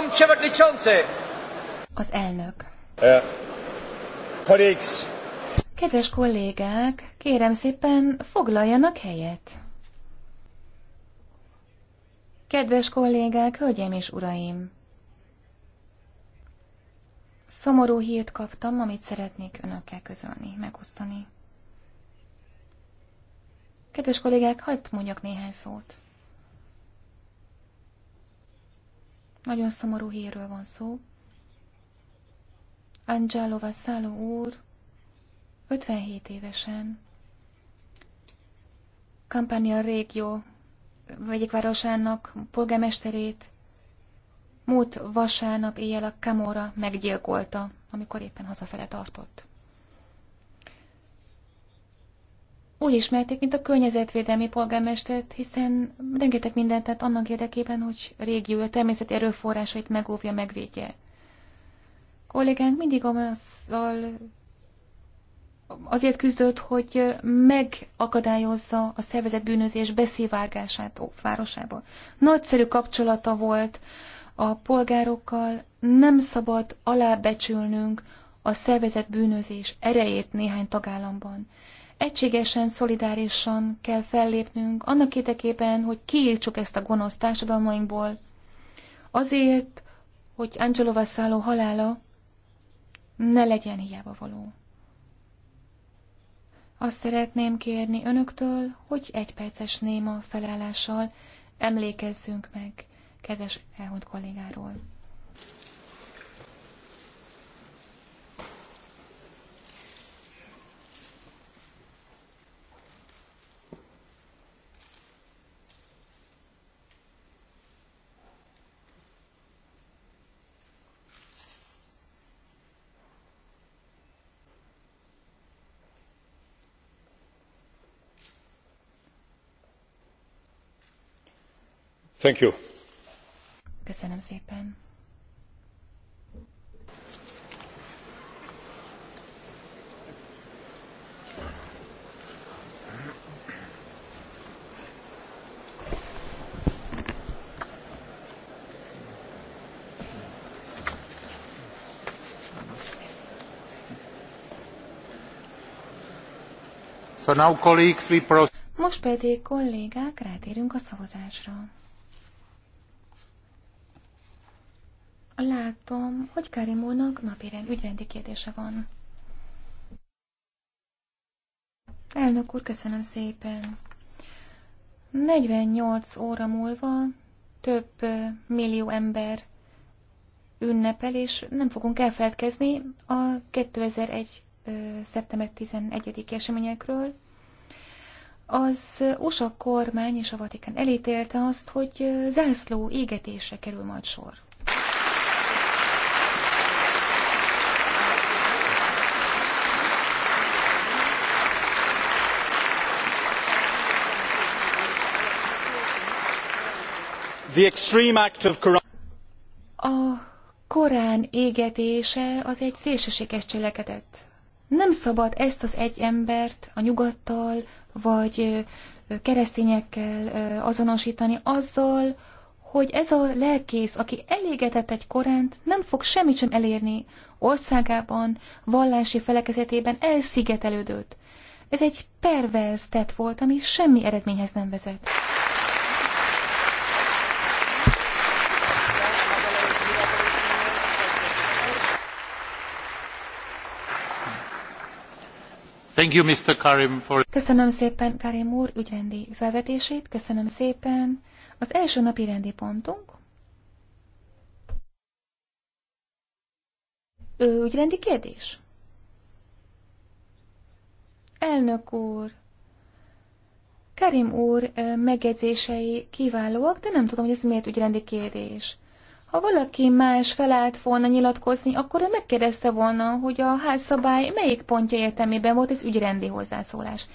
Pan Przewodniczący! Az elnök. Uh, Kedves kollégák, kérem szépen foglaljanak helyet. Kedves kollégák, hölgyeim és uraim! Szomorú hírt kaptam, amit szeretnék önökkel közölni, megosztani. Kedves kollégák, hagyd mondjak néhány szót. Nagyon szomorú hírről van szó. Angelo Vassallo úr 57 évesen Campania régió egyik városának polgármesterét múlt vasárnap éjjel a Camora meggyilkolta, amikor éppen hazafele tartott. úgy ismerték, mint a környezetvédelmi polgármestert, hiszen rengeteg mindent tett annak érdekében, hogy a régió a természeti erőforrásait megóvja, megvédje. Kollégánk mindig azzal azért küzdött, hogy megakadályozza a szervezet bűnözés beszivárgását a városába. Nagyszerű kapcsolata volt a polgárokkal, nem szabad alábecsülnünk a szervezet bűnözés erejét néhány tagállamban. Egységesen, szolidárisan kell fellépnünk annak érdekében, hogy kiírtsuk ezt a gonosz társadalmainkból. Azért, hogy Angelo Vassallo halála ne legyen hiába való. Azt szeretném kérni önöktől, hogy egy perces néma felállással emlékezzünk meg kedves elhunyt kollégáról. Most pedig kollégák, rátérünk a szavazásra. Látom, hogy Karimónak úrnak napirend ügyrendi kérdése van. Elnök úr, köszönöm szépen. 48 óra múlva több millió ember ünnepel, és nem fogunk elfeledkezni a 2001. szeptember 11. eseményekről. Az USA kormány és a Vatikán elítélte azt, hogy zászló égetésre kerül majd sor. The extreme act of a Korán égetése az egy szélsőséges cselekedet. Nem szabad ezt az egy embert a nyugattal vagy keresztényekkel azonosítani azzal, hogy ez a lelkész, aki elégetett egy koránt, nem fog semmit sem elérni országában, vallási felekezetében elszigetelődött. Ez egy perverz tett volt, ami semmi eredményhez nem vezet. Köszönöm szépen Karim úr ügyrendi felvetését, köszönöm szépen. Az első napi rendi pontunk. Ő ügyrendi kérdés? Elnök úr, Karim úr megjegyzései kiválóak, de nem tudom, hogy ez miért ügyrendi kérdés. Ha valaki más felállt volna nyilatkozni, akkor ő megkérdezte volna, hogy a házszabály melyik pontja értelmében volt ez ügyrendi hozzászólás.